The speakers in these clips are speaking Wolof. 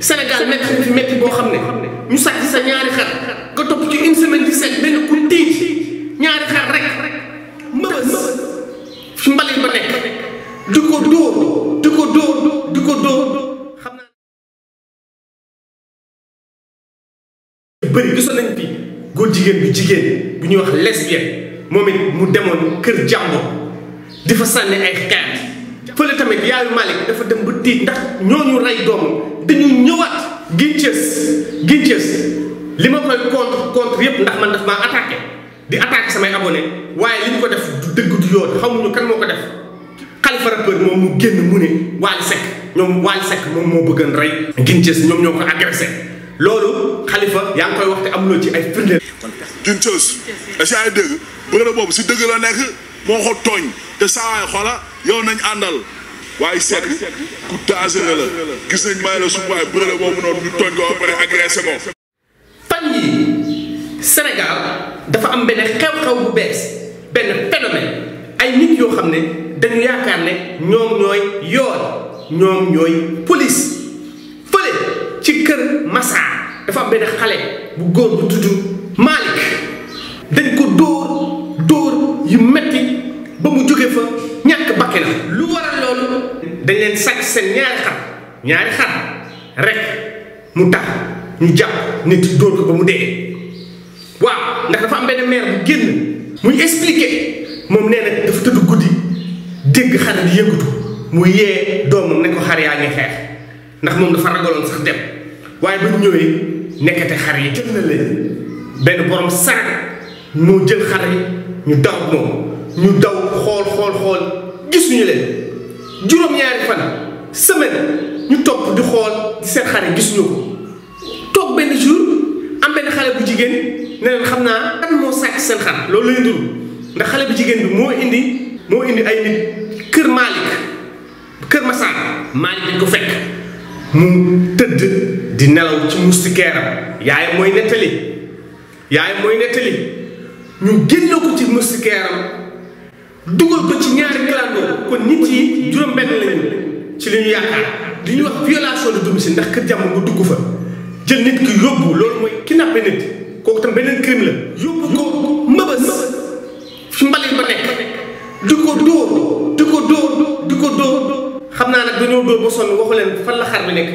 senegal métti boo xam ne ñu sàcc sa ñaari xar nga topp ci une di seet benn ku tiij ñaari xar rek mbëbës ba nekk di ko dóor di ko dóor di ko dóor xam naa bëri gisoon nañ fi góor jigéen bu jigéen bu ñuy wax lesbienne moom it mu demoon kër jàmbur di fa sànni ay xeer fële tamit yaayu Malick dafa dem ba tiit ndax ñooñu rey doomam dañu ñëwaat gincës gincës li ma koy contre contre yëpp ndax man daf maa attaqué di attaqué samay abone waaye li ñu ko def du dëgg du yoon xamuñu kan moo ko def Khalifa rappeur moom mu génn mu ne waal Seck ñoom Wally Seck moom moo bëggoon rey gincës ñoom ñoo ko agressé loolu Khalifa yaa ngi koy wax te amuloo ci ay firnde. gincës est-ce que yaa bëgg na boobu si dëgg la nekk. moo ko tooñ te saawaay xola yow nañ àndal waaye seet ku danger la gis nañ may la su waay brûlé boobu noonu ñu tooñ ko ba pare ko fan Sénégal dafa am benn xew-xew bu bees benn phénomène ay nit yoo xam dañu yaakaar ne ñoom ñooy yoon ñoom ñooy police fële ci kër Massa dafa am benn xale bu góor bu tudd fakki na lu waral loolu dañ leen sàcc seen ñaari xar ñaari xar rek mu tax ñu jàpp nit dóor ko ba mu dee waaw ndax dafa am benn maire bu génn muy expliqué moom nee na dafa tëdd guddi dégg xar bi yëngatu mu yee doomam ne ko xar yaa ngi xeex ndax moom dafa ragaloon sax dem waaye ba ñu ñëwee nekkate xar yi jël na leen benn borom sarak moo jël xar yi ñu daw moom ñu daw xool xool xool gisuñu leen juróom-ñaari fan semaine ñu topp di xool di seen xare gisuñu ko toog benn jour am benn xale bu jigéen ne leen xam naa kan moo sàcc seen xar loolu lay ndax xale bu jigéen bi moo indi moo indi ay nit kër Malick kër Massar Malick dañ ko fekk mu tëdd di nelaw ci moustiquairam yaayam mooy nettali yaayam mooy nettali ñu génn ko ci moustiquairam dugal ko ci ñaari clando kon nit yi juróom-benn lañu ci li ñu yaakaar di ñu wax violation de domicile ndax kër jàmm nga dugg fa jël nit ki yóbbu loolu mooy kidnappé nit kooku tam beneen crime la yóbbu ko mëbës fi mbalit ba nekk di ko dóor di ko dóor di ko dóor xam naa nag dañoo dóor ba sonn waxu leen fan la xar bi nekk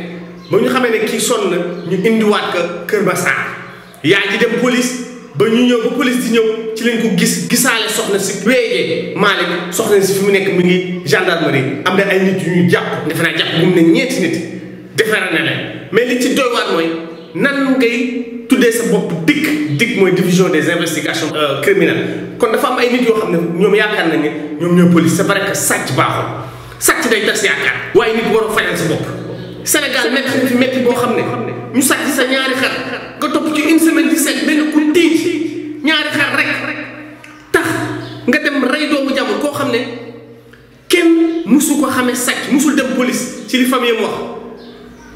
ba ñu xamee ne kii sonn na ñu indiwaat ka Kër Massar yaa ji dem police ba ñu ñëw ba police di ñëw ci lañ ko gis gisaale soxna si weegee Malick soxna si fi mu nekk mu ngi gendarmerie am na ay nit yu ñu jàpp defe naa jàpp bu mu ne ñeenti nit na leen mais li ci doy waar mooy nan ngay tuddee sa bopp DIC DIC mooy division des investigations euh, criminelles kon dafa am ay nit yoo xam ne ñoom yaakaar nañ ne ñoom ñooy police c'est vrai que sàcc baaxul sàcc day tas a fayal sa bopp fi métti boo xam ne ñu sàcc sa ñaari xar nga topp ci une semaine di ci li famille am wax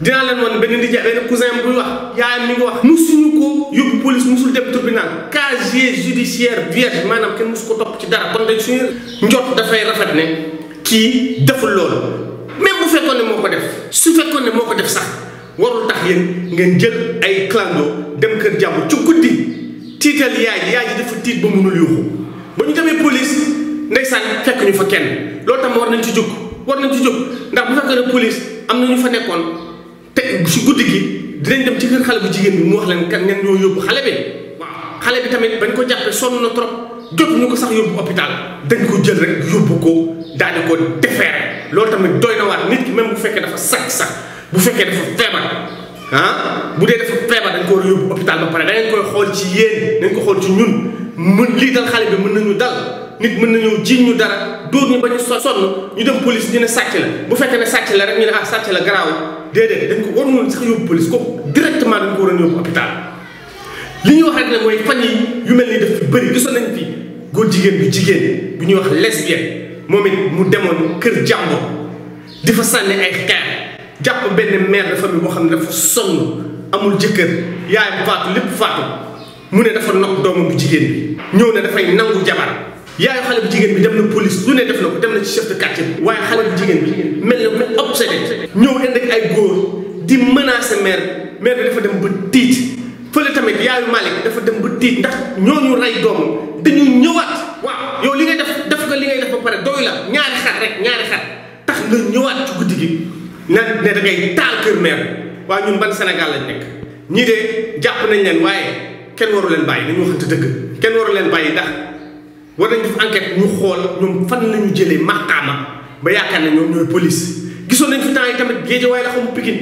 dinaa leen wan benn nijaay benn cousin buy wax yaayam mi ngi wax musuñu ko yóbbu police musul dem tribunal casier judiciaire vierge maanaam kenn su ko topp ci dara kon dañ suñu njot dafay rafet ne kii deful loolu même bu fekkoon ne moo ko def su fekkoon ne moo ko def sax warul tax yéen ngeen jël ay clando dem kër jàmbur ci guddi tiital yaay yaay ji dafa tiit ba mënul yuuxu ba ñu demee police ndeysaan fekk ñu fa kenn loolu tam war nañ ci jóg ndax bu fekkee ne police am na ñu fa nekkoon te su guddi gi dinañ dem ci kër xale bu jigéen bi mu wax leen kan ñan ñoo yóbbu xale bi waaw xale bi tamit bañ ko jàppee sonn na trop jot ñu ko sax yóbbu hôpital dañ ko jël rek yóbbu ko daal di ko defeere loolu tamit doy na waar nit ki même bu fekkee dafa sakk sax bu fekkee dafa feebar ah bu dee dafa feebar dañ ko war a yóbbu hôpital ba pare koy xool ci yéen dañ ko xool ci ñun mën lii dal xale bi mën nañu dal nit mën na ñëw jiiñ ñu dara dóor ñu ba ñu sonn ñu dem police ñu ne sàcc la bu fekkee ne sàcc la rek ñu ne ah sàcc la garaaw déedéet dañ ko waroon woon sax yóbbu police kooku directement dañ ko waroon yóbbu li ñuy wax rek ne mooy fan yu mel ni daf fi bëri gisoon jigéen bu jigéen bu ñuy wax lesbienne moom it mu demoon kër jàmbur di fa sànni ay xeer jàpp benn meer de famille boo xam ne dafa sonn amul jëkkër yaayam faatu lépp faatu mu ne dafa nopp doomam bu jigéen bi ñëw ne dafay nangu jabar yaayu xale bu jigéen bi dem na police lu ne def na ko dem na ci chef de bi waaye xale bu jigéen bi mel na mel obsédé ñëw ànd ak ay góor di menacer maire maire bi dafa dem bu tiit fële tamit yaayu Malick dafa dem ba tiit ndax ñooñu rey doomam dañu ñëwaat waaw yow li ngay def def nga li ngay def ba pare doy la ñaari xar rek ñaari xar tax nga ñëwaat ci guddi gi na ne da ngay taal kër maire waaye ñun ban senegal lañ nekk ñii de jàpp nañ leen waaye kenn waru leen bàyyi dañu waxante dëgg kenn waru leen bàyyi ndax war nañ def enquête ñu xool ñoom fan lañu jëlee màqaama ba yaakaar ne ñoom ñooy police gisoon nañ fi temps yi tamit Géejawaay la xamu Pikine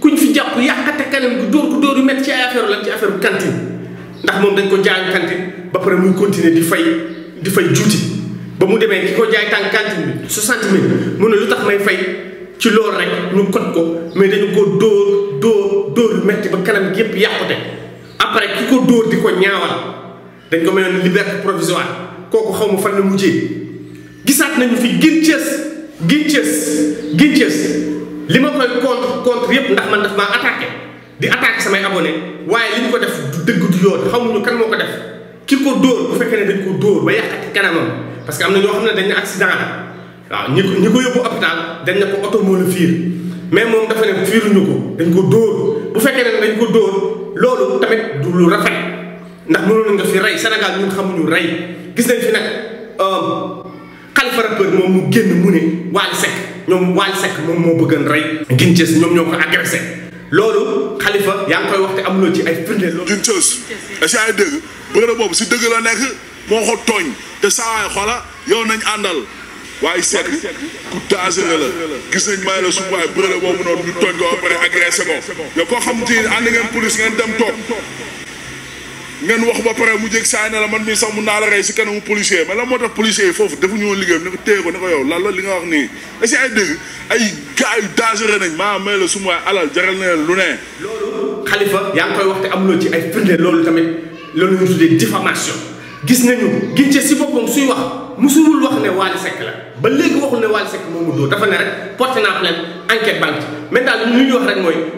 kuñ fi jàpp yàqate kanam gi dóor dóor yu métti ci ay affaire ci affaire cantine ndax moom dañ ko jaay cantine ba pare muy continuer di fay di fay juuti ba mu demee ki ko jaay tànk cantine bi soixante mille mu ne lu tax may fay ci loolu rek ñu kot ko mais dañu ko dóor dóor dóor métti ba kanam gi yëpp yàqute après ki ko dóor di ko ñaawal dañ ko mayoon liberté provisoire kooku xaw ma fan la mujjee gisaat nañu fi gin Thiès gin li ma koy contre contre yëpp ndax man daf maa attaqué di attaqué samay abonné waaye li ñu ko def du dëgg du yoon xamuñu moo ko def ki ko dóor bu fekkee ne dañ ko dóor ba yàqati que am na ñoo xam ne dañ ne accident la waaw ñi ko ñi ko yóbbu hôpital ko oto moo la mais moom dafa ne ko dañ bu fekkee ne dañ ko dóor loolu tamit du lu rafet ndax mënoon nga fi rey Sénégal ñun xamuñu rey gis nañ fi nag um, Khalifa rappeur moom mu génn mu ne Wally Seck ñoom moom moo bëggoon rey Guin ñoom ñoo ko agressé loolu Khalifa yaa ci ay firnde loolu bëgg boobu si dëgg la nekk ko tooñ te saa waay yow nañ àndal waaye Seck ku dangereux la gis nañ may la suuf waaye bëre boobu noonu tooñ ko pare agressé yow koo xam te ànd ngeen police ngeen dem toog ngeen wax ba pare mu jég saa ne la man mii sax mun naa la rey si kanamu policier mais la moo tax policier yi foofu la li alal jaral na lu ne. loolu Khalifa ci ay loolu tamit loolu ñu tuddee diffamation gis nañu gince si boppam suy wax musuwul wax ne Wally Seck la ba léegi waxul ne Wally Seck moomu dóor dafa ne rek porté naa plainte enquête banque mais daal li ñuy wax rek mooy.